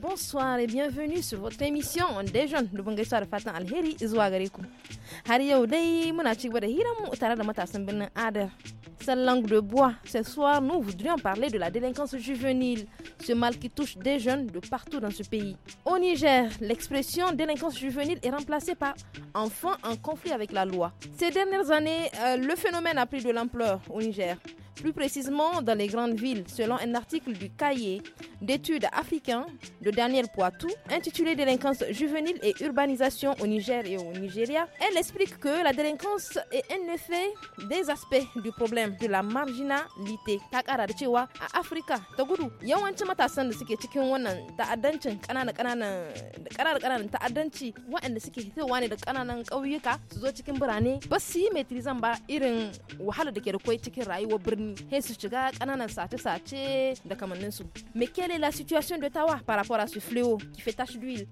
bonsoir et bienvenue sur votre émission des jeunes de fatan alheri langue de bois, ce soir, nous voudrions parler de la délinquance juvénile, ce mal qui touche des jeunes de partout dans ce pays. Au Niger, l'expression délinquance juvénile est remplacée par enfant en conflit avec la loi. Ces dernières années, euh, le phénomène a pris de l'ampleur au Niger plus précisément dans les grandes villes, selon un article du cahier d'études africains de Daniel Poitou, intitulé Délinquance juvénile et urbanisation au Niger et au Nigeria. Elle explique que la délinquance est un effet des aspects du problème de la marginalité. Ta kara da cewa a Afrika ta gudu yawancin matasan da suke cikin wannan ta'addancin ƙananan ƙananan ƙananan ta'addanci waɗanda suke fitowa ne da ƙananan ƙauyuka su zo cikin birane ba su yi metrizan ba irin wahalar da ke cikin rayuwar birni ah, eh, mais quelle est la situation de tawa par rapport à ce fléau qui fait tache d'huile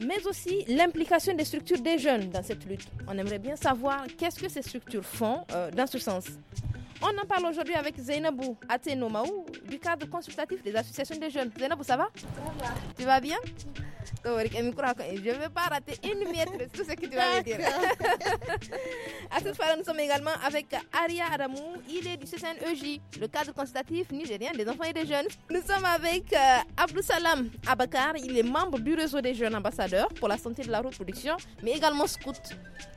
mais aussi l'implication des structures des jeunes dans cette lutte on aimerait bien savoir qu'est-ce que ces structures font euh, dans ce sens on en parle aujourd'hui avec Zainabou Atenomaou du cadre consultatif des associations des jeunes. Zainabou, ça va Ça va. Tu vas bien je ne veux pas rater une miette de tout ce que tu vas me dire. à cette fois, nous sommes également avec Aria Adamou. Il est du CCNEJ, le cadre consultatif nigérien des enfants et des jeunes. Nous sommes avec euh, Abdou Salam Abakar. Il est membre du réseau des jeunes ambassadeurs pour la santé de la reproduction, mais également scout.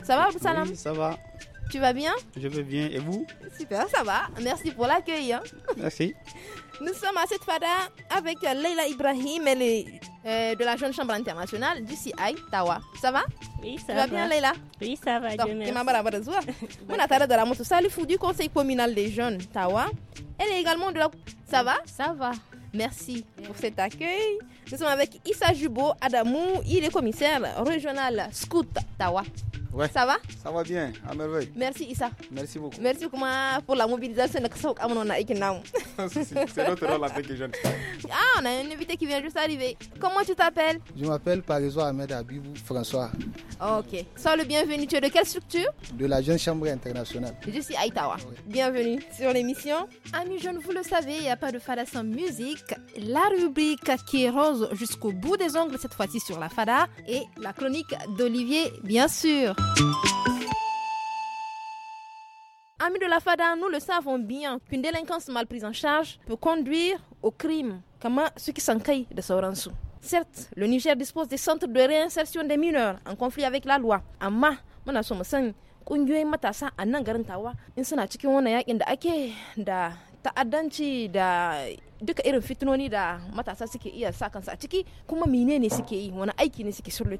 Ça va, Abdou Salam Ça va. Tu vas bien Je vais bien. Et vous Super, ça va. Merci pour l'accueil. Hein. Merci. Nous sommes à cette fada avec Leila Ibrahim, elle est euh, de la Jeune Chambre internationale du CI Tawa. Ça va Oui, ça va. Tu vas bien, Leila Oui, ça va. Donc, je merci. On a de la moto. Salut, du Conseil communal des jeunes Tawa. Elle est également de la. Ça va Ça va. Merci pour cet accueil. Nous sommes avec Issa Jubo Adamou, il est commissaire régional Scout Tawa. Ça va Ça va bien, à merveille. Merci Issa. Merci beaucoup. Merci beaucoup pour la mobilisation C'est notre rôle avec les jeunes. Ah, on a une invité qui vient juste arriver. Comment tu t'appelles Je m'appelle Pariso Ahmed Abibou François. Ok. Sois le bienvenu. Tu es de quelle structure De la Jeune Chambre Internationale. Je suis Aïtawa. Bienvenue sur l'émission. Amis jeunes, vous le savez, il n'y a pas de fada sans musique. La rubrique qui est rose jusqu'au bout des ongles, cette fois-ci sur la fada, et la chronique d'Olivier, bien sûr. Amis de la FADA, nous le savons bien qu'une délinquance mal prise en charge peut conduire au crime, comme ceux qui s'encaillent de Sauransu. Certes, le Niger dispose des centres de réinsertion des mineurs en conflit avec la loi. ama mon mu matasa adanci da duka irin fitinoni da matasa suke iya sa kansu a ciki kuma menene suke yi wani aiki ne suke sur le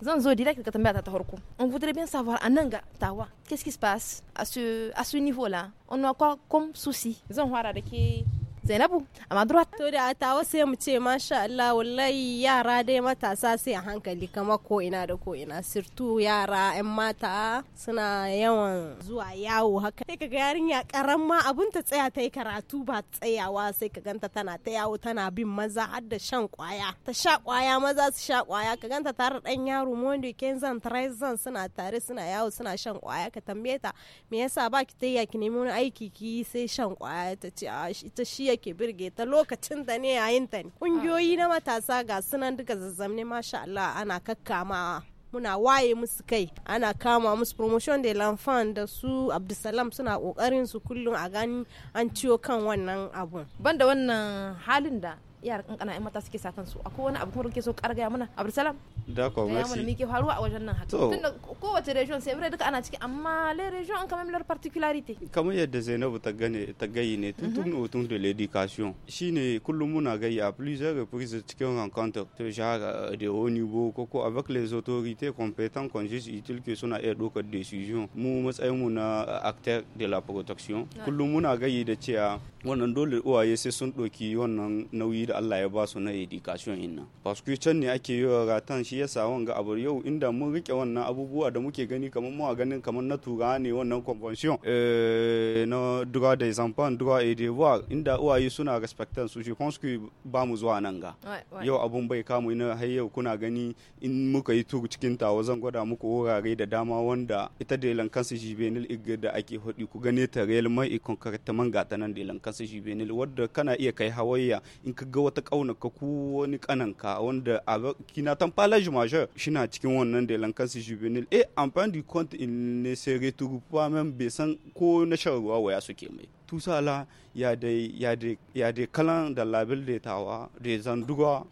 zan zo direct ka tambaya ta ta farko on voudrait bien savoir ananga tawa qu'est-ce qui se passe à ce à ce niveau là on a quoi comme souci zan fara da ke Zainabu a madura. To da ta wasu mu ce masha Allah wallahi yara dai matasa sai a hankali kama ko ina da ko ina sirtu yara yan mata suna yawan zuwa yawo haka. Sai kaga yarinya karama abun ta tsaya ta yi karatu ba tsayawa sai ka ganta tana ta yawo tana bin maza har da shan kwaya. Ta sha kwaya maza su sha kwaya ka ganta tare dan yaro Mondo Kenzan Trizan suna tare suna yawo suna shan kwaya ka tambaye ta me yasa ba ki ya ki nemi wani aiki ki sai shan kwaya ta ce a ita shi ke birge ta lokacin da ne yayin ta ne kungiyoyi na matasa ga sunan duka zazzam ne masha Allah ana kakkamawa muna waye musu kai ana kama musu promotion de l'enfant da su abdulsalam suna kokarin su kullum a gani an ciyo kan wannan abun banda wannan halin da yar kankana yan mata suke sa kansu akwai wani abu kuma kake so karga mana abdulsalam da ko merci mana muke faruwa a wajen nan haka tunda kowace region sai duka ana ciki amma le region an kamar leur particularité kamar yadda Zainabu ta gane ta gayi ne tun tun mhm. autour de l'éducation shine kullum muna gayi a plusieurs reprises cikin rencontre to shahara euh, de haut niveau ko ko avec les autorités compétentes quand juste utile que suna iya dokar decision mu matsayin mu na euh, acteur de la protection kullum muna gayi da cewa wannan dole uwaye sai sun doki wannan nauyi da Allah ya ba su na education in nan paskui can ne ake yi wa ratan shi yasa wanga abu yau inda mun rike wannan abubuwa da muke gani kamar mu ganin kamar na tura ne wannan convention eh, na droit des enfants droit et devoir inda uwaye suna respectan su shi paskui ba mu zuwa nan ga yau abun bai kamu na har yau kuna gani in muka yi turu cikin tawa zan gwada muku wurare da dama wanda ita da lankansu juvenil igir da ake hudu ku gane ta real mai ikon kartaman gata nan da lankansu juvenil wadda kana iya kai hawaiya in ka ga ga wata ƙaunaka ko wani kananka wanda a kina tan palage majeur shina cikin wannan delan kansu juvenile et en fin du compte il ne se retrouve pas même bai ko na shan waya suke mai tout ça là, il y a des, il y a de il de a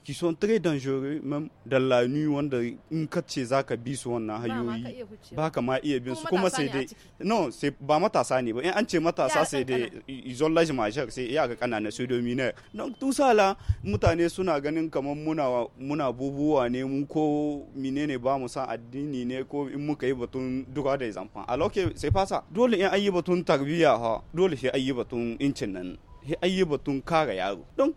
qui sont très dangereux, même dans la nuit, wanda in kace za ka bi su wannan hayoyi ba ka ma iya bin su kuma sai dai non c'est ba matasa ne ba an ce matasa sai dai isolage majeur c'est ya ga kanana su domine donc tout ça là mutane suna ganin kaman muna muna bubuwa ne mu ko menene ba mu san addini ne ko in muka yi batun duka da zamfan que c'est pas ça dole in an yi batun tarbiyya ha dole sai an yi incin nan an yi batun yaro don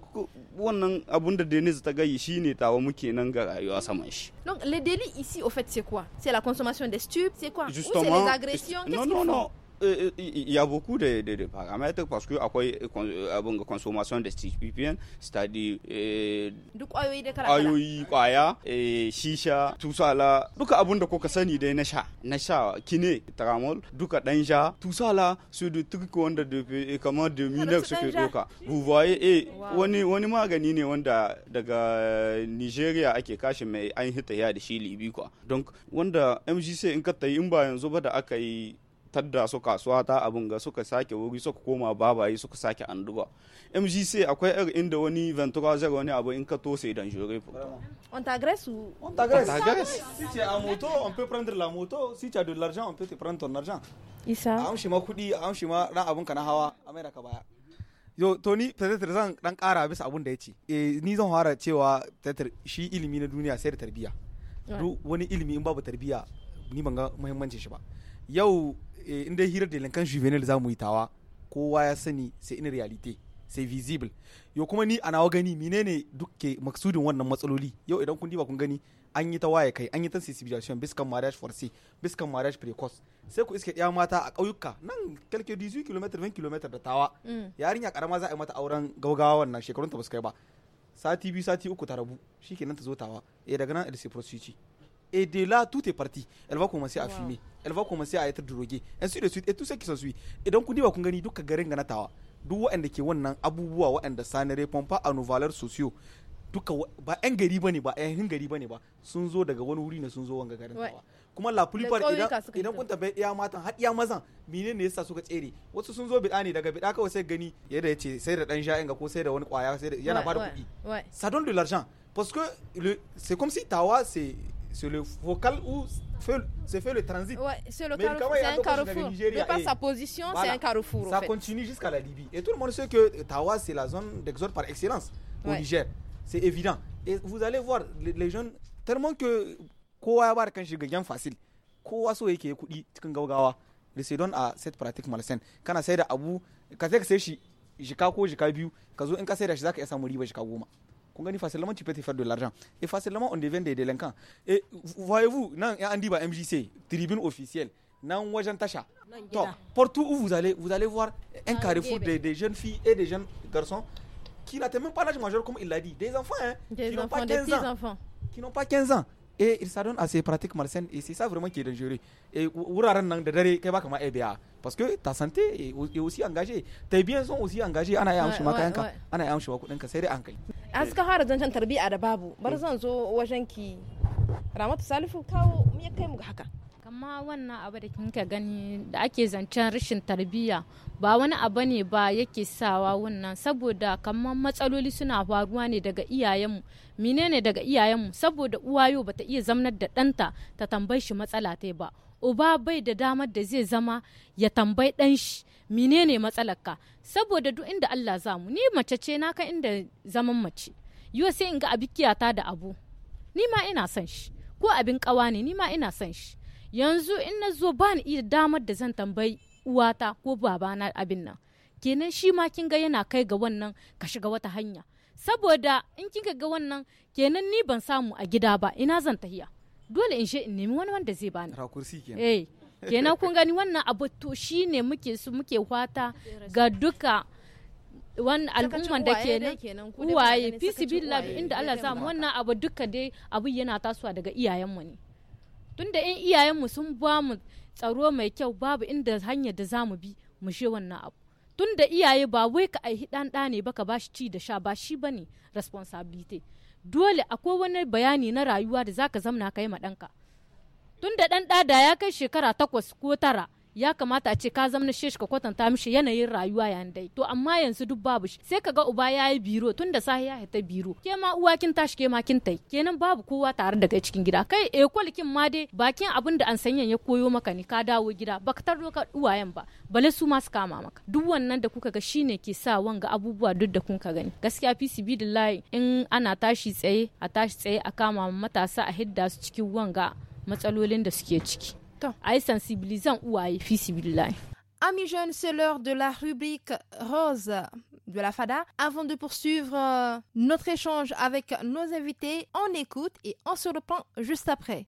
wannan abun da Denise ta gayi ne tawa muke nan ga rayuwa saman shi donc le délits ici au fait c'est quoi c'est la consommation des stupes c'est quoi Ou c'est les agressions non non non euh, euh, il y a beaucoup de, de, de paramètres parce que akwai euh, abin consommation da stipend c'est-à-dire duk kwayoyi da kala kwayoyi kwaya shisha tusala duka abun da kuka sani dai na sha na sha kine tramol duka dan sha tusala su da turki wanda da kamar da minex suke doka buvaye eh wani wani magani ne wanda daga Nigeria ake kashi mai an hita da shi Libi kwa don wanda MGC in ka tayi in ba yanzu ba da aka yi tadda su kasuwa ta abin ga suka sake wuri suka koma babaye suka sake anduba mgc akwai irin inda wani ventura zai wani abu in ka tose dan jure on t'agresse ou on si moto on peut prendre la moto si de l'argent on peut te prendre ton argent isa a amshi ma kudi a amshi ma ran ka na hawa a mai ka baya yo to ni zan dan kara bisa abun da yace eh ni zan fara cewa fetetir shi ilimi na duniya sai da tarbiya duk wani ilimi in babu tarbiya ni ban ga muhimmancin shi ba yau Eh, in dai hirar delinkan juvenile za mu yi tawa kowa ya sani sai in realite sai visible yau kuma ni a nawa gani ne duke maksudin wannan matsaloli yau idan kun diba kun gani an yi ta waye kai an yi ta sensibilisation biskan marriage for say biskan marriage precoce sai ku iske ɗaya mata a ƙauyuka nan kalke 18 km 20 km da tawa mm. yarinya karama za a yi mata auren gaugawa wannan shekarun ta ba su kai ba sati biyu sati uku ta rabu shi shikenan ta zo tawa eh daga nan da sai Et de là, tout est parti. Elle va commencer à wow. fumer. Elle va commencer à être droguée. Ainsi de suite. Et tout ce qui suit Et donc, on dit, on gani duka garin gana tawa. Duk waɗanda ke wannan abubuwa waɗanda ça ne répond pas à nos valeurs sociaux. Duka ba 'yan gari bane ba, 'yan eh, gari bane ba. Sun zo daga wani wuri ne sun zo wanga garin tawa. kuma la plupart idan idan kun tambayi iya matan har iya mazan mine ne yasa suka tsere wasu sun zo bida ne daga bida kawai sai gani yadda yace sai da dan sha'in ga ko sai da wani kwaya sai da yana bada kuɗi ça donne de l'argent parce que c'est comme si tawa c'est c'est le vocal où se fait le transit. c'est un carrefour. sa position, c'est un carrefour. Ça continue jusqu'à la Libye. Et tout le monde sait que Tawa, c'est la zone d'exode par excellence au Niger. C'est évident. Et vous allez voir, les, jeunes, tellement que quand facile, se à cette pratique Quand quand qu'on gagne facilement, tu peux te faire de l'argent. Et facilement, on devient des délinquants. Et voyez-vous, Andiba MJC, tribune officielle, Nan Wajantacha. Donc, partout où vous allez, vous allez voir un carrefour des, jeunes filles et des jeunes garçons qui n'ont même pas l'âge majeur, comme il l'a dit. Des enfants, hein, des qui n'ont pas 15 des ans. Enfants. Qui n'ont pas 15 ans. Et ils s'adonnent à ces pratiques malsaines. Et c'est ça vraiment qui est dangereux. Et e parce que ta santé est aussi engagée. Tes biens sont aussi engagés. Ouais, an suka fara zancen tarbiya da babu bar zan zo wajen ki ramatu salifu kawo mu ya kai mu haka kamma wannan abu da ka gani da ake zancen rashin tarbiyya ba wani abu ne ba yake sawa wannan saboda kamar matsaloli suna faruwa ne daga iyayenmu menene daga iyayenmu saboda uwayo bata iya zamnar da ɗanta ta tambayi shi matsala ta ba uba bai da damar da zai zama ya tambayi ɗan shi menene matsalarka saboda duk inda Allah za mu ni mace ce na kan inda zaman mace yau sai in ga abikiyata da abu ni ma ina son shi ko abin kawa ne ni ma ina son shi yanzu in na zo ba ni iya damar da zan tambayi uwata ko babana abin nan kenan shi ma kin ga yana kai ga wannan ka shiga wata hanya saboda in kin ga wannan kenan ni ban samu a gida ba ina zan tahiya dole in she in nemi wani wanda zai bani rakursi kenan eh kenan kun gani wannan abu to shine muke su muke hwata ga duka wani al'umman da ke nan uwaye fisibilla inda Allah sa wannan abu duka dai abu yana tasowa daga iyayenmu ne tunda in iyayenmu sun ba mu tsaro mai kyau babu inda hanyar da zamu bi mu she wannan abu tunda iyaye ba wai ka aihi dan ɗa baka ba ka bashi ci da sha ba shi bane responsibility dole akwai wani bayani na rayuwa da zaka zamna kai ma ɗanka tun da ɗan ɗada ya kai shekara takwas ko tara ya kamata a ce ka zamna shi ka kwatanta mishi yanayin rayuwa yan dai to amma yanzu duk babu shi sai kaga uba ya yi biro tun da sahi ya ta biro ke ma uwa kin tashi ke ma kin tai kenan babu kowa tare da kai cikin gida kai e kin ma dai bakin abin da an sanya ya koyo maka ne ka dawo gida baka tarro ka uwayen ba bale su ma su kama maka duk wannan da kuka ga shine ke sa wanga abubuwa duk da kun ka gani gaskiya fi layi in ana tashi tsaye a tashi tsaye a kama matasa a hidda su cikin wanga matsalolin da suke ciki sensibilisant ou Amis jeunes, c'est l'heure de la rubrique rose de la FADA. Avant de poursuivre euh, notre échange avec nos invités, on écoute et on se reprend juste après.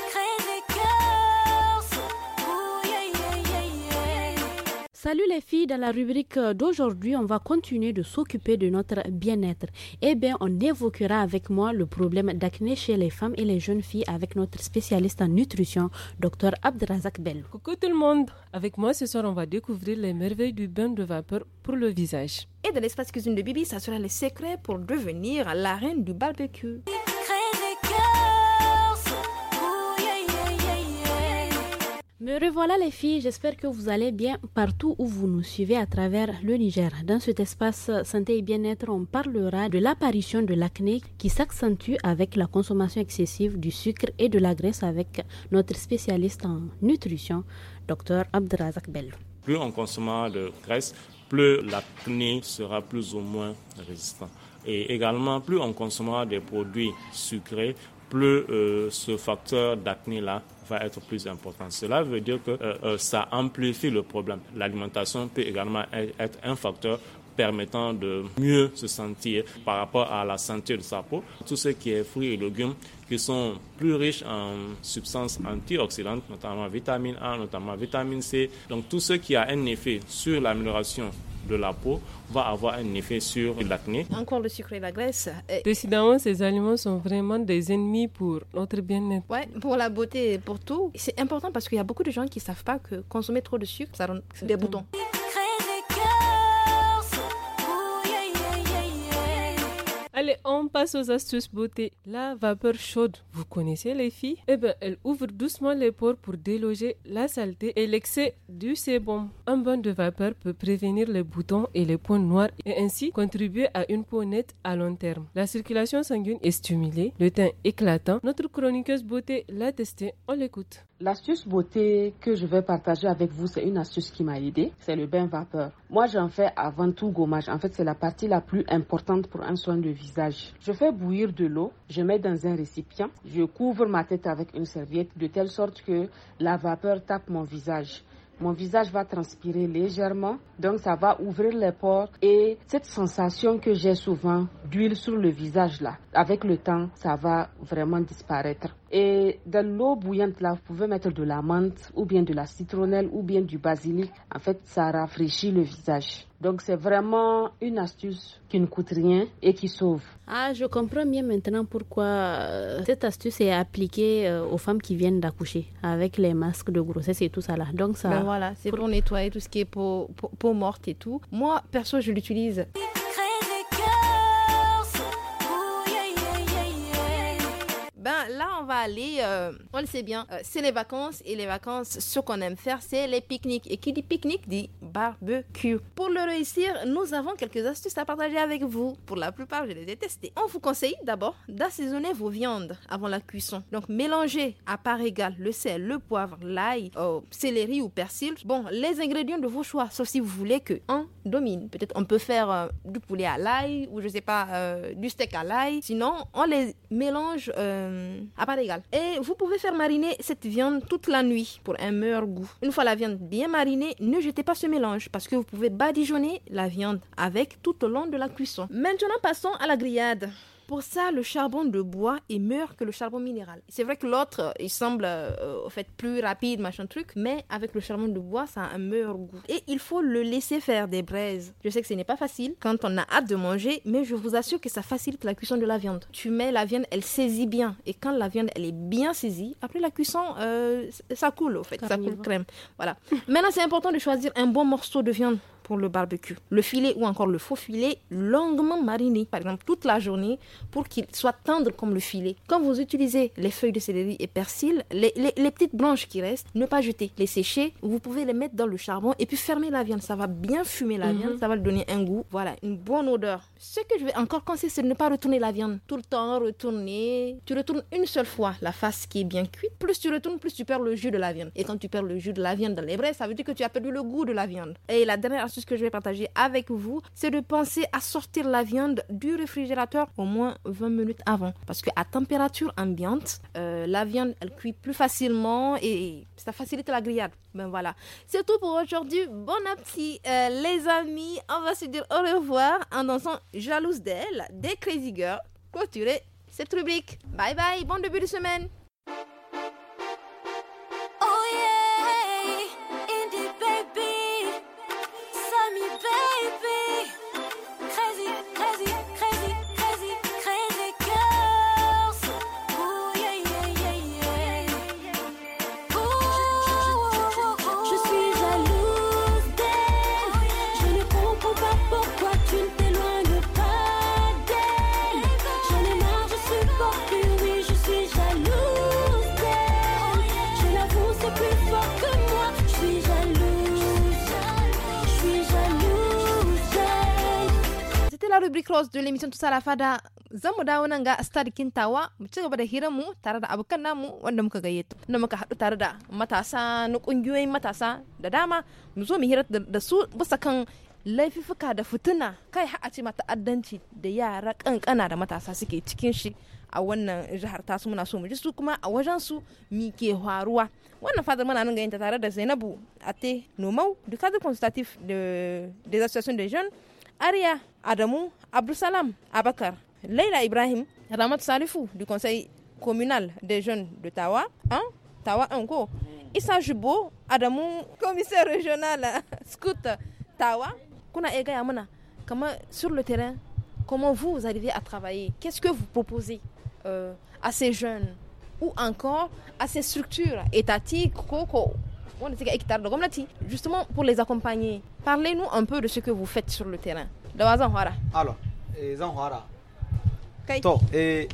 Salut les filles, dans la rubrique euh, d'aujourd'hui, on va continuer de s'occuper de notre bien-être. Eh bien, on évoquera avec moi le problème d'acné chez les femmes et les jeunes filles avec notre spécialiste en nutrition, Dr Abdrazak Bel. Coucou tout le monde, avec moi ce soir, on va découvrir les merveilles du bain de vapeur pour le visage. Et de l'espace cuisine de Bibi, ça sera les secrets pour devenir la reine du barbecue. Me revoilà les filles, j'espère que vous allez bien partout où vous nous suivez à travers le Niger. Dans cet espace santé et bien-être, on parlera de l'apparition de l'acné qui s'accentue avec la consommation excessive du sucre et de la graisse avec notre spécialiste en nutrition, Dr Abdrazak Bell. Plus on consommera de graisse, plus l'acné sera plus ou moins résistant. Et également, plus on consommera des produits sucrés, plus euh, ce facteur d'acné-là va être plus important. Cela veut dire que euh, euh, ça amplifie le problème. L'alimentation peut également e-, être un facteur permettant de mieux se sentir par rapport à la santé de sa peau. Tout ce qui est fruits et légumes qui sont plus riches en substances antioxydantes, notamment vitamine A, notamment vitamine C. Donc tout ce qui a un effet sur l'amélioration de la peau va avoir un effet sur l'acné. Encore le sucre et la graisse. Décidément, ces aliments sont vraiment des ennemis pour notre bien-être. pour la beauté et pour tout. C'est important parce qu'il y a beaucoup de gens qui ne savent pas que consommer trop de sucre, ça donne des boutons. Allez, on passe aux astuces beauté. La vapeur chaude, vous connaissez les filles Eh bien, elle ouvre doucement les pores pour déloger la saleté et l'excès du sébum. Un bain de vapeur peut prévenir les boutons et les points noirs et ainsi contribuer à une peau nette à long terme. La circulation sanguine est stimulée, le teint éclatant. Notre chroniqueuse beauté l'a testé, on l'écoute. L'astuce beauté que je vais partager avec vous, c'est une astuce qui m'a aidé, c'est le bain vapeur. Moi, j'en fais avant tout gommage. En fait, c'est la partie la plus importante pour un soin de visage. Je fais bouillir de l'eau, je mets dans un récipient, je couvre ma tête avec une serviette de telle sorte que la vapeur tape mon visage mon visage va transpirer légèrement, donc ça va ouvrir les pores et cette sensation que j'ai souvent d'huile sur le visage là, avec le temps, ça va vraiment disparaître. Et dans l'eau bouillante, là, vous pouvez mettre de la menthe ou bien de la citronnelle ou bien du basilic. En fait, ça rafraîchit le visage. Donc, c'est vraiment une astuce qui ne coûte rien et qui sauve. Ah, je comprends bien maintenant pourquoi euh, cette astuce est appliquée euh, aux femmes qui viennent d'accoucher avec les masques de grossesse et tout ça là. Donc, ça. Ben voilà, c'est pour... nettoyer tout ce qui est peau, peau morte et tout. Moi, perso, je l'utilise. on va aller, euh, on le sait bien, euh, c'est les vacances et les vacances, ce qu'on aime faire, c'est les pique-niques. Et qui dit pique-nique dit barbecue. Pour le réussir, nous avons quelques astuces à partager avec vous. Pour la plupart, je les ai testées. On vous conseille d'abord d'assaisonner vos viandes avant la cuisson. Donc mélangez à part égale le sel, le poivre, l'ail, oh, céleri ou persil. Bon, les ingrédients de vos choix, sauf si vous voulez que un domine. Peut-être on peut faire du poulet à l'ail ou je sais pas, du steak à l'ail. Sinon, on les mélange à et vous pouvez faire mariner cette viande toute la nuit pour un meilleur goût. Une fois la viande bien marinée, ne jetez pas ce mélange parce que vous pouvez badigeonner la viande avec tout au long de la cuisson. Maintenant, passons à la grillade pour ça le charbon de bois est meilleur que le charbon minéral. C'est vrai que l'autre, euh, il semble euh, au fait plus rapide, machin truc, mais avec le charbon de bois, ça a un meilleur goût. Et il faut le laisser faire des braises. Je sais que ce n'est pas facile quand on a hâte de manger, mais je vous assure que ça facilite la cuisson de la viande. Tu mets la viande, elle saisit bien. Et quand la viande, elle est bien saisie, après la cuisson, euh, ça coule au fait, ça coule crème. Voilà. Maintenant, c'est important de choisir un bon morceau de viande le barbecue. Le filet ou encore le faux filet longuement mariné, par exemple toute la journée, pour qu'il soit tendre comme le filet. Quand vous utilisez les feuilles de céleri et persil, les, petites branches qui restent, ne pas jeter, les sécher, vous pouvez les mettre dans le charbon et puis fermer la viande. Ça va bien fumer la mhm. viande, ça va lui donner un goût, voilà, une bonne odeur. Ce que je vais encore conseiller, c'est de ne pas retourner la viande. Tout le temps, retourner. Tu retournes une seule fois la face qui est bien cuite. Plus tu retournes, plus tu perds le jus de la viande. Et quand tu perds le jus de la viande dans les braises, ça veut dire que tu as perdu le goût de la viande. Et la dernière astuce que je vais partager avec vous, c'est de penser à sortir la viande du réfrigérateur au moins 20 minutes avant. Parce qu'à température ambiante, euh, la viande, elle cuit plus facilement et ça facilite la grillade. Ben voilà. C'est tout pour aujourd'hui. Bon appétit, euh, les amis. On va se dire au revoir en dansant Jalouse d'elle des Crazy Girls. Clôturer cette rubrique. Bye bye, bon début de semaine. la rubrique rose de l'émission tout ça la fada zamu mu dawo nan ga star kintawa mu ci gaba da hirar mu tare da abokan namu wanda muka gayyato na muka haɗu tare da matasa na ƙungiyoyin matasa da dama mu zo mu hirar da su bisa kan laifuka da fituna kai har a ce mata ta'addanci da yara kankana da matasa suke cikin shi a wannan jihar tasu muna so mu ji su kuma a wajen su mi ke faruwa wannan fadar muna nan ganin tare da Zainabu Ate Nomau du cadre consultatif de des associations de jeunes Aria Adamou Salam, Abakar, Leila Ibrahim, Ramat Salifou du conseil communal des jeunes de Tawa, hein? Tawa Anko, Issa Jubo Adamou, commissaire régional scout Tawa, Kuna Ega Yamana, comment sur le terrain, comment vous, arrivez à travailler Qu'est-ce que vous proposez euh, à ces jeunes ou encore à ces structures étatiques, wanda suke aiki tare da gwamnati justement pour les accompagner parlez-nous un peu de ce que vous faites sur le terrain da wa zan alors eh kai to eh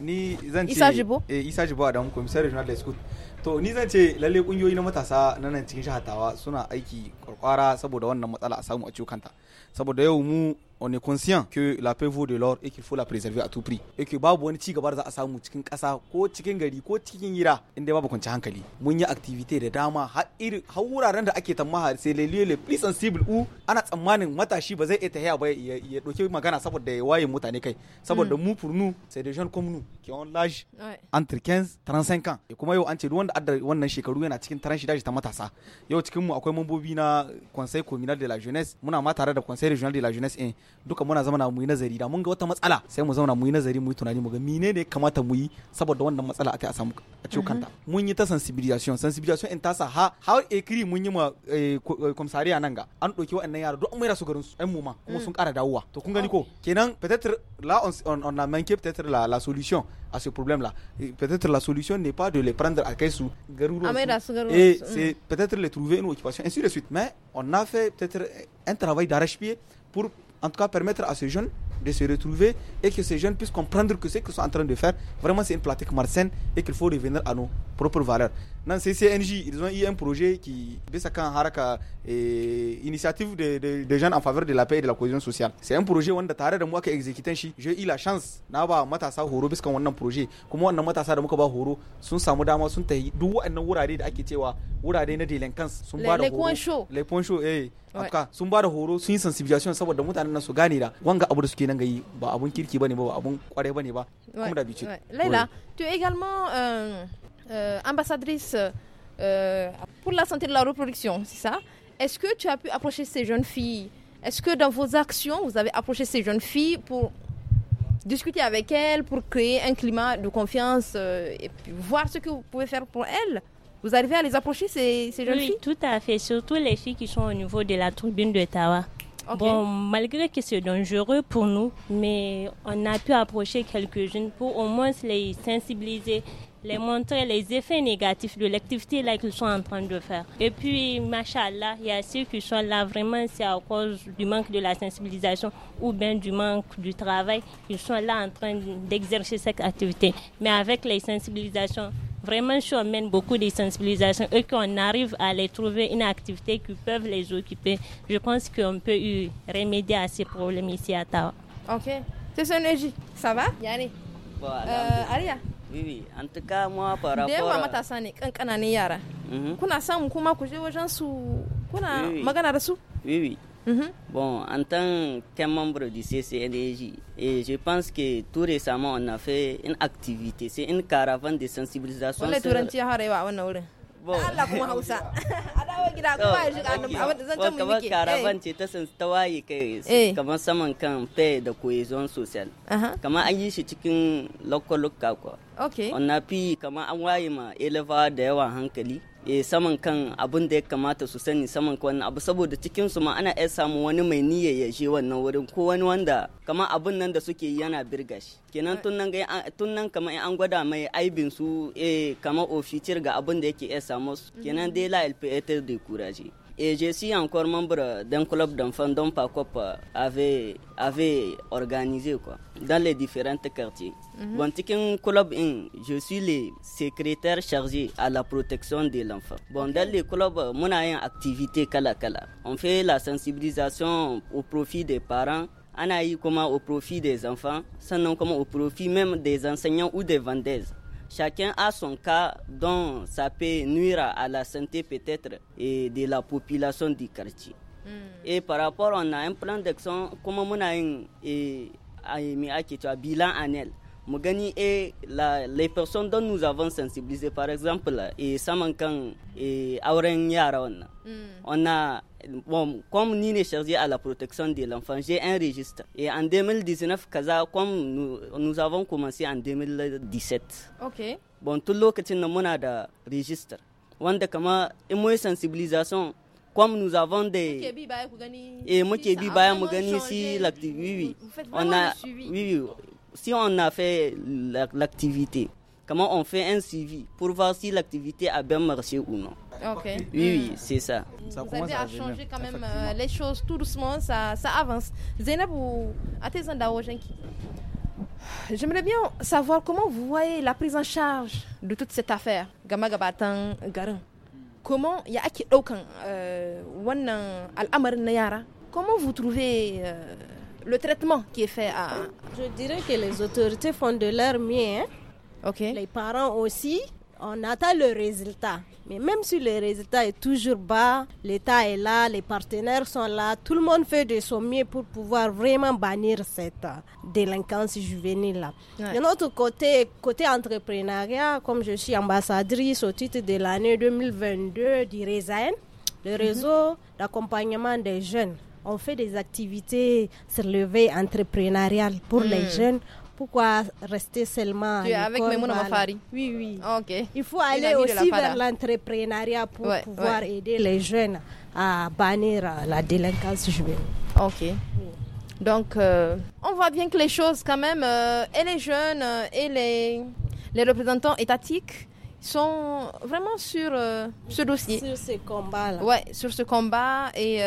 ni zan ce Isa Jibo eh Isa Jibo Adam commissaire régional de scout to ni zan lalle kunyoyi na matasa na nan cikin shahatawa suna aiki kwarkwara saboda wannan matsala a samu a ciwo kanta saboda yau mu on est conscient que la paix vaut de l'or et qu'il faut la préserver à tout prix et que babu wani ci gaba da za a samu cikin ƙasa ko cikin gari ko cikin yira inda babu kwanci hankali mun yi activity da dama har iri har wuraren da ake har sai le le plus sensible u ana tsammanin matashi ba zai iya tahiya ba ya dauki magana saboda ya waye mutane kai saboda mm. mu furnu c'est des jeunes comme nous qui ont l'âge entre 15 35 ans et kuma yau an ce duk wanda adda wannan shekaru yana cikin taran shida ta matasa yau cikin mu akwai mambobi na conseil communal de la jeunesse muna ma tare da conseil régional de la jeunesse 1 duka muna zama mu yi nazari da mun ga wata matsala sai mu zauna mu yi nazari mu yi tunani mu ga mine ne kamata mu yi saboda wannan matsala aka samu a cikin kanta mhm. mun yi ta sensibilisation sensibilisation in tasa ha har ekiri mun yi ma eh, eh, komisariya nan ga an ɗauki waɗannan yara duk an maida su garin su ɗan mu ma kuma mm. sun ƙara dawowa to kun gani ko kenan peut-être là on, on, a manqué peut-être la, la solution à ce problème là peut-être la solution n'est pas de les prendre à caisse garuru garou et mm. c'est peut-être les trouver une occupation ainsi de suite mais on a fait peut-être un travail d'arrache-pied pour en tout cas permettre à ces jeunes de se retrouver et que ces jeunes puissent comprendre que ce qu'ils sont en train de faire, vraiment c'est une pratique malsaine et qu'il faut revenir à nos propres valeurs. Dans CNJ, ils ont eu un projet qui, Bessakan Haraka, est initiative des de, de jeunes en faveur de la paix et de la cohésion sociale. C'est un projet wanda tare da muka exécuter shi. J'ai eu la chance d'avoir ba matasa horo bisa wannan projet. Kuma wannan matasa da muka ba horo sun samu dama sun tafi duk waɗannan wurare da ake cewa wurare na delinquents sun ba horo. Les points chauds. Les points chauds eh tu es également euh, euh, ambassadrice euh, pour la santé de la reproduction c'est ça est-ce que tu as pu approcher ces jeunes filles est-ce que dans vos actions vous avez approché ces jeunes filles pour discuter avec elles pour créer un climat de confiance et voir ce que vous pouvez faire pour elles vous arrivez à les approcher, ces, jeunes filles Oui, tout à fait. Surtout les filles qui sont au niveau de la tribune de Tawa. Bon, malgré que c'est dangereux pour nous, mais on a pu approcher quelques jeunes pour au moins les sensibiliser, les montrer les effets négatifs de l'activité là qu'ils sont en train de faire. Et puis, machallah, il y a ceux qui sont là vraiment, c'est à cause du manque de la sensibilisation ou bien du manque du travail, ils sont là en train d'exercer cette activité. Mais avec les sensibilisations, Vraiment, je mène beaucoup de sensibilisation et qu'on arrive à les trouver une activité qui peut les occuper. Je pense qu'on peut remédier à ces problèmes ici à Tawa. Ok. C'est son énergie. Ça va Yanni Voilà. Aria Oui, oui. En tout cas, moi, par rapport à... matasa ne kankana hein, ne yara. Mhm. Kuna samu kuma ku je wajen su kuna magana da su? Oui, oui. Mhm. Bon, en tant qu'un membre du CCNDJ, et je pense que tout récemment, on a fait une activité, c'est une caravane de sensibilisation. bon Allah kuma Hausa alawa gida kuma ya shiga nan a wanda zancen mu yake karaban eh. ce ta san tawaye kai eh. kamar saman kan pay da cohesion sociale. kamar an yi shi local lokolokka ko Ok. on a fi kamar an waye ma eleva da yawa hankali e, saman kan abin da ya kamata su sani saman kan wannan abu saboda cikin su ma ana iya samu wani mai niyya ya je wannan wurin ko wani wanda kama abin nan da suke yana birga kenan tun nan tun nan kama an gwada mai aibin su eh kama ofisir ga abin da yake iya samu kenan dai la lpa eh, ta da kuraje Et je suis encore membre d'un club d'enfants dont PACOP avait, avait organisé quoi, dans les différents quartiers. Mhm. Bon, -hmm. club je suis le secrétaire chargé à la protection de l'enfant. Bon, dans le club, on a une activité kala kala. On fait la sensibilisation au profit des parents on a eu comment au profit des enfants, non comment au profit même des enseignants ou des vendeuses. Chacun a son cas dont ça peut nuire à la santé peut-être et de la population du quartier. Hmm. Et par rapport, on a un plan d'action, comme on a un, bilan annuel. Mugani et les personnes dont nous avons sensibilisé, par exemple, et Samankan et Auren hmm. on a comme nous est chargé à la protection de l'enfant, j'ai un registre. Et en 2019, comme nous, avons commencé en 2017. Bon, tout le monde a un registre. wanda kama in sensibilisation, comme nous avons des. Bah, et moi qui bi que mu gani si l'activité. On oui, oui. Si on a fait l'activité, comment on fait un suivi pour voir si l'activité a bien marché ou non. Oui, oui, c'est ça. ça. Vous avez à, changer quand même euh, les choses tout doucement, ça, ça avance. Zainab, à tes J'aimerais bien savoir comment vous voyez la prise en charge de toute cette affaire. Gamagabatan, Garin. Comment y a aucun euh, Comment vous trouvez euh, le traitement qui est fait à Je dirais que les autorités font de leur mieux. Hein. Ok. Les parents aussi on attend le résultat. Mais même si le résultat est toujours bas, l'État est là, les partenaires sont là, tout le monde fait de son mieux pour pouvoir vraiment bannir cette délinquance juvénile-là. De notre côté, côté entrepreneuriat, comme je suis ambassadrice au titre de l'année 2022 du RESAN, le mhm. réseau d'accompagnement des jeunes on fait des activités sur le veille entrepreneurial pour les mhm. jeunes pourquoi rester seulement Tu avec Memouna Mafari Oui, oui. Il faut aller aussi vers l'entrepreneuriat pour pouvoir aider les jeunes à bannir la délinquance juvénile. Ok. Donc, euh, on voit bien que les choses, quand même, euh, et les jeunes euh, et les, les représentants étatiques sont vraiment sur ce dossier. Sur ce combat-là. Ouais, sur ce combat et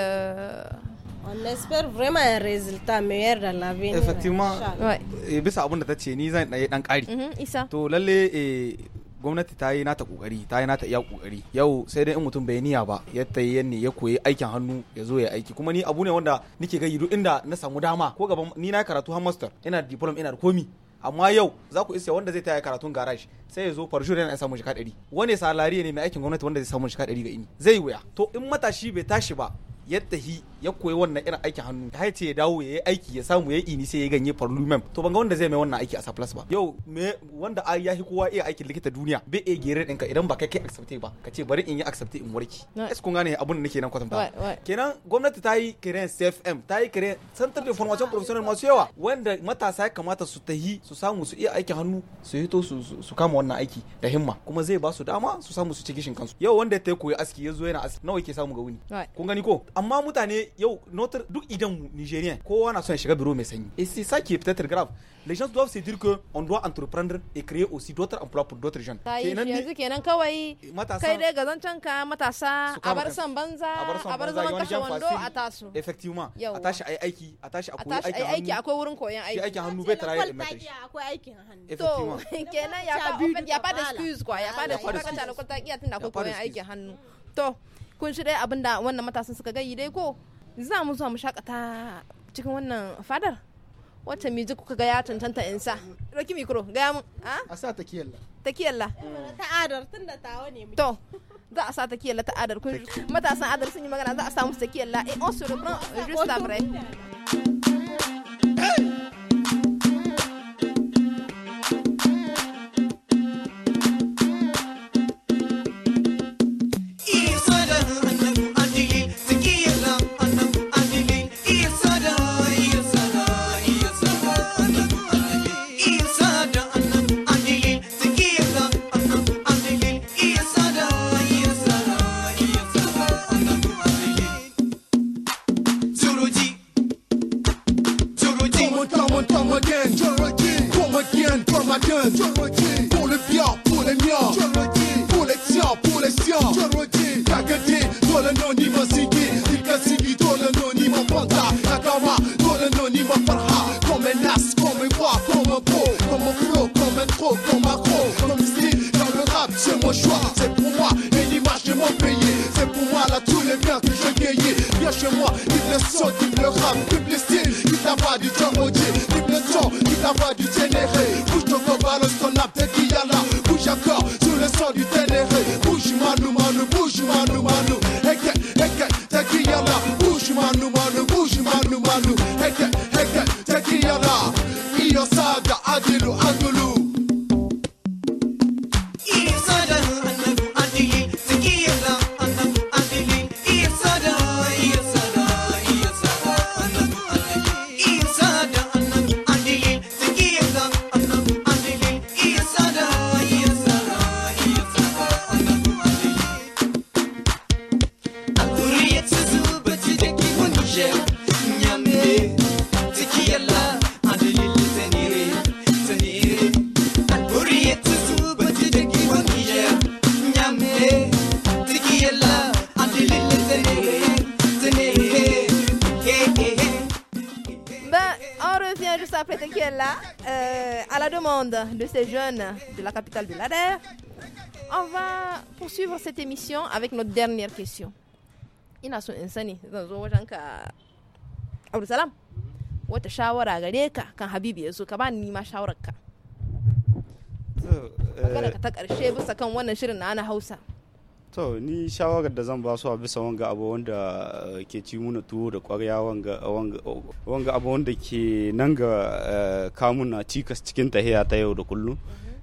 On espère vraiment un résultat meilleur dans vie. Effectivement, eh, eh, bisa abin da ta ce ni zan ɗaya ɗan mhm, isa. To lalle eh, gwamnati ta yi nata kokari ta yi nata iya kokari yau sai dai in mutum bai niya ba ya tayi yanne ya koyi aikin hannu ya zo ya aiki kuma ni abu ne wanda nake ga duk inda na samu dama ko gaban ni na karatu har master ina da diploma ina da komi amma yau za ku isa wanda zai taya karatun garage sai ya zo farjur yana samun shiga ɗari wani salariya ne mai aikin gwamnati wanda zai samu shiga ɗari ga ini zai wuya to in matashi bai tashi ba yadda hi ya koyi wannan irin aikin hannu ya haice ya dawo ya aiki ya samu ya yi ini sai ya ganye parlumen to ban ga wanda zai mai wannan aiki a surplus ba yau me wanda ai ya hi kowa iya aikin likita duniya bai iya gere ka idan ba kai kai accepte ba ka ce bari in yi accepte in warki es kun gane abun da nake nan kwatanta kenan gwamnati ta yi kiran CFM ta yi kiran Center de Formation Professionnel masu yawa wanda matasa ya kamata su tahi su samu su iya aikin hannu su hito su kama wannan aiki da himma kuma zai ba su dama su samu su ci gishin kansu yau wanda ta koyi aski ya zo yana aski nawa yake samu ga wuni kun gani ko amma mutane yau notre duk idan nigérien kowa na son shiga bureau mai sanyi et c'est ça qui est peut-être grave les gens doivent se dire que on doit entreprendre et créer aussi d'autres emplois pour d'autres jeunes kenan yanzu kenan kawai kai dai ga zancen ka matasa a bar san banza a bar zaman kashe wando a tasu effectivement a tashi aiki aiki a tashi akwai aikin aiki akwai wurin koyan aiki aiki hannu bai tarayi da matashi akwai aikin hannu to kenan ya fa ya fa da excuse kwa ya fa da kuma kacha na kwata iya tunda akwai koyon aikin hannu to kun shi dai abinda wannan matasan suka gayi dai ko za mu zuwa mu shakata cikin wannan fadar wacce miji kuka ga ya in sa roki mikro gaya mu ah? a sa ta kiyalla ta kiyalla ta adar tun da ne to za a sa ta kiyalla ta adar kun matasan adar sun yi magana za a sa musu ta kiyalla et on se reprend Manu manu bouge poursuivre cette émission avec notre dernière question. Ina son in sani zan zo wajen ka Abdul Salam. Wata shawara gare ka kan Habibu ya zo ka ba ni ma shawarar ka. Eh, Magana ka ta karshe bisa kan wannan shirin na ana Hausa. to ni shawarar da zan ba su a bisa wanga abu wanda eh, ke ci muna tuwo da kwarya wanga abu wanda ke nan ga eh, kamuna cikas cikin tahiya ta yau da kullum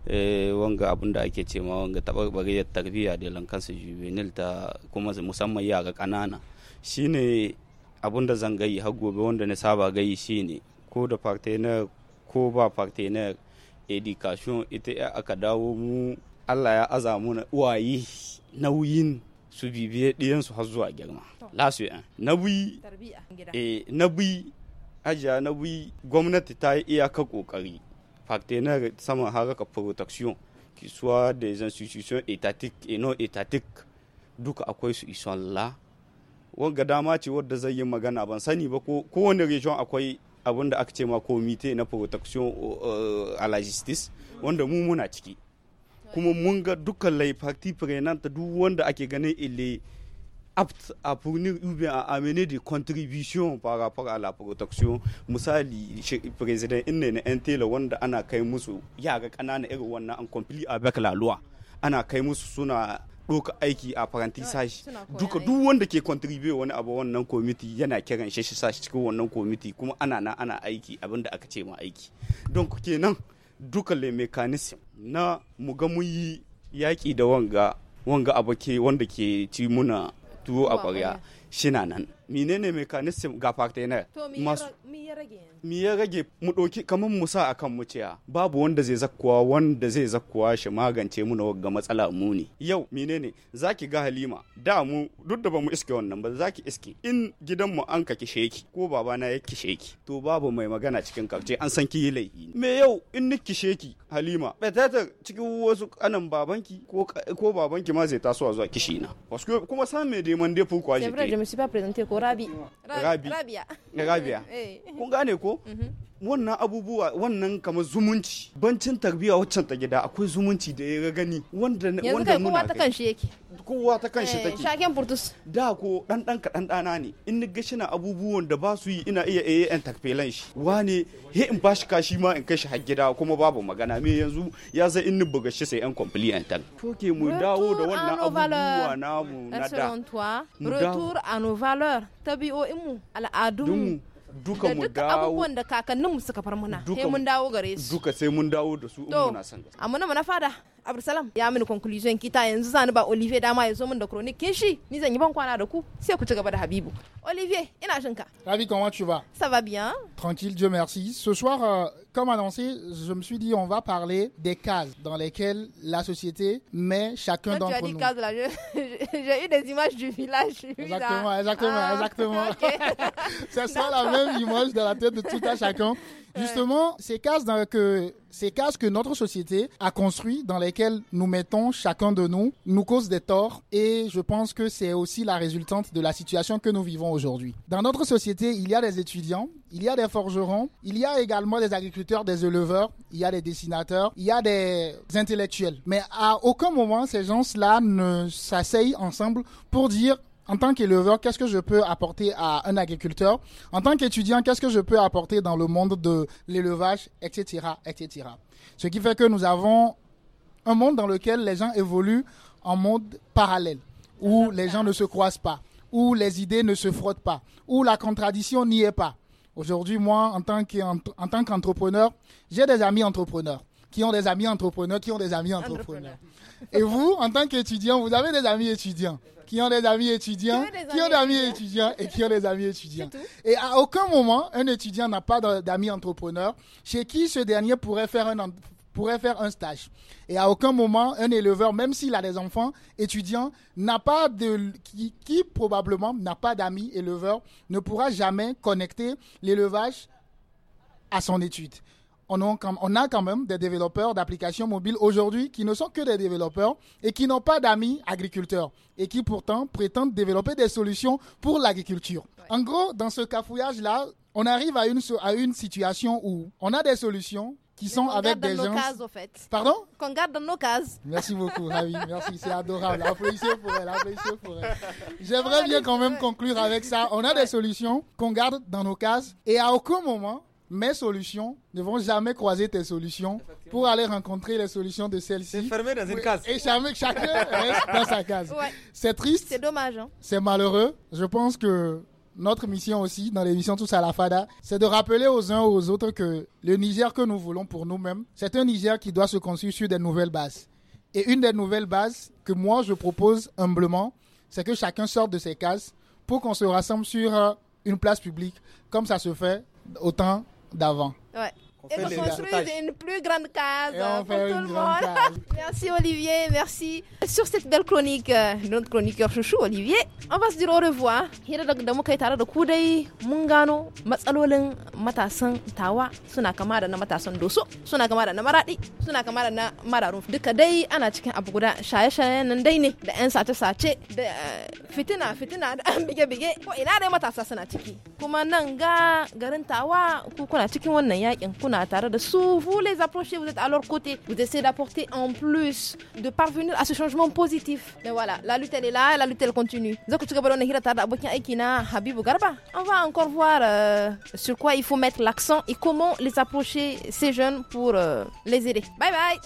Eh, wanga abun da ake ce ma wanga taɓarɓarewar tarbiyya da lankansu juvenil ta kuma musamman yara ƙanana shine abun da zan gayi har gobe wanda na saba gayi shine ko da partenaire ko ba partenaire education ita ya aka dawo mu allah ya aza na uwaye nauyin su bibiye ɗiyansu har zuwa girma lasu yan eh, na bi eh, na bi ajiya na bi gwamnati ta yi iyaka kokari partenaires saman haraka protection qui soit des institutions étatiques et non étatiques duka akwai su ison la wanga dama ce wanda zai yi magana ban sani ba ko kowane region akwai abin da aka ce ma komite na protection euh, à la justice wanda mu muna ciki kuma mun ga dukkan lai parti prenante duk wanda ake ganin ile apte à fournir ou bien à amener des contributions par rapport à la protection misali president inda ne yan tela wanda ana kai musu yara ƙanana irin wannan an compli avec la loi ana kai musu suna ɗoka aiki a faranti sashi duka duk wanda ke contribute wani abu wannan komiti yana kiran shi sashi cikin wannan komiti kuma ana na ana aiki abinda aka ce ma aiki don kenan duka le mechanism na mu ga mun yi yaƙi da wanga wanga abu ke wanda ke ci muna tuwo a kwarya shina nan menene mechanism ga partner mi ya rage mu ɗauki kamar mu sa akan mu babu wanda zai zakkuwa wanda zai zakkuwa shi magance mu na ga matsala mu ne yau menene zaki ga halima da mu duk da bamu iske wannan ba zaki iske in gidan mu an ka kishe ki ko babana ya kishe ki to babu mai magana cikin karce an san ki yi laifi me yau in ni kishe ki halima bai ta ta cikin wasu kanan babanki ko babanki ma zai taso zuwa kishi na wasu kuma san me dai man dai kwa kwaje c'est jamusi je me ko rabi rabi rabia rabia eh, eh. kun gane ko mhm. wannan abubuwa wannan kamar zumunci bancin tarbiyya waccan ta gida akwai zumunci da ya gani wanda wanda kai. yanzu kai kuma ta kan shi yake kowa ta kanshi eh, take shaken burtus da ko dan dan kadan dana ne in ni gashi na abubuwan da ba su yi ina iya eh an takfelan shi wane he in bashi kashi ma in kai shi har gida kuma babu magana me yanzu ya sai in ni buga shi sai complete an tan to ke mu dawo da wannan abubuwa namu na da retour à nos valeurs al'adun mu, duka mu dawo abubuwan da kakanninmu suka far muna sai mun dawo gare su duka sai mun dawo da su in muna san gaskiya amma na fada Abdulsalam ya mini conclusion kita yanzu zani ba Olivier dama ya zo min da chronique kin shi ni zan yi ban kwana da ku sai ku ci gaba da Olivier ina shin ka. Ravi comment tu vas? Ça va bien. Tranquille Dieu merci. Ce soir euh, comme annoncé, je me suis dit on va parler des cases dans lesquelles la société met chacun d'entre nous. Tu as dit cases là, j'ai eu des images du village. Exactement, exactement, ah, exactement. C'est ça la même image dans la tête de tout à chacun. Justement, ces cases dans, que ces cases que notre société a construit, dans lesquelles nous mettons chacun de nous, nous causent des torts et je pense que c'est aussi la résultante de la situation que nous vivons aujourd'hui. Dans notre société, il y a des étudiants, il y a des forgerons, il y a également des agriculteurs, des éleveurs, il y a des dessinateurs, il y a des intellectuels. Mais à aucun moment, ces gens-là ne s'asseyent ensemble pour dire en tant qu'éleveur, qu'est-ce que je peux apporter à un agriculteur En tant qu'étudiant, qu'est-ce que je peux apporter dans le monde de l'élevage, etc., etc. Ce qui fait que nous avons un monde dans lequel les gens évoluent en monde parallèle, où ah, les gens ne se croisent pas, où les idées ne se frottent pas, où la contradiction n'y est pas. Aujourd'hui, moi, en tant qu'entrepreneur, j'ai des amis entrepreneurs qui ont des amis entrepreneurs, qui ont des amis entrepreneurs. Et vous, en tant qu'étudiant, vous avez des amis étudiants qui ont des amis étudiants, qui ont des amis étudiants et qui ont des amis étudiants. Et à aucun moment, un étudiant n'a pas d'amis entrepreneurs chez qui ce dernier pourrait faire un, pourrait faire un stage. Et à aucun moment, un éleveur, même s'il a des enfants étudiants, n'a pas de, qui, qui probablement n'a pas d'amis éleveurs, ne pourra jamais connecter l'élevage à son étude on a quand même des développeurs d'applications mobiles aujourd'hui qui ne sont que des développeurs et qui n'ont pas d'amis agriculteurs et qui pourtant prétendent développer des solutions pour l'agriculture. En gros, dans ce cafouillage-là, on arrive à une, à une situation où on a des solutions qui sont avec des dans Nos cases, au fait. Pardon Qu'on garde dans nos cases. Merci beaucoup, Ravi. Merci, c'est adorable. Applaudissez pour elle, applaudissez pour elle. J'aimerais bien quand même conclure avec ça. On a des solutions qu'on garde dans nos cases et à aucun moment mes solutions ne vont jamais croiser tes solutions pour aller rencontrer les solutions de celles-ci. C'est fermé dans une case. Et chacun reste dans sa case. C'est triste. C'est dommage. Hein. C'est malheureux. Je pense que notre mission aussi dans l'émission Tous à la Fada, c'est de rappeler aux uns aux autres que le Niger que nous voulons pour nous-mêmes, c'est un Niger qui doit se construire sur des nouvelles bases. Et une des nouvelles bases que moi je propose humblement, c'est que chacun sorte de ses cases pour qu'on se rassemble sur euh, une place publique, comme ça se fait autant d'avant et de construire une plus grande case pour tout le monde. merci Olivier, merci. Sur cette belle chronique, euh, notre chroniqueur chouchou Olivier, on va se dire au revoir. Hira da da muka yi tare da ku dai mun gano matsalolin matasan tawa suna kama da na matasan doso, suna kama da na maradi, suna kama da na mararun. Duka dai ana cikin abu guda shaye-shaye nan dai ne da 'yan sace-sace da eh, fitina fitina da bige-bige ko ina dai matasa suna ciki. Kuma nan ga garin tawa ku kuna cikin wannan yakin vous les approchez, vous êtes à leur côté, vous essayez d'apporter en plus, de parvenir à ce changement positif. Mais voilà, la lutte elle est là, la lutte elle continue. On va encore voir euh, sur quoi il faut mettre l'accent et comment les approcher ces jeunes pour euh, les aider. Bye bye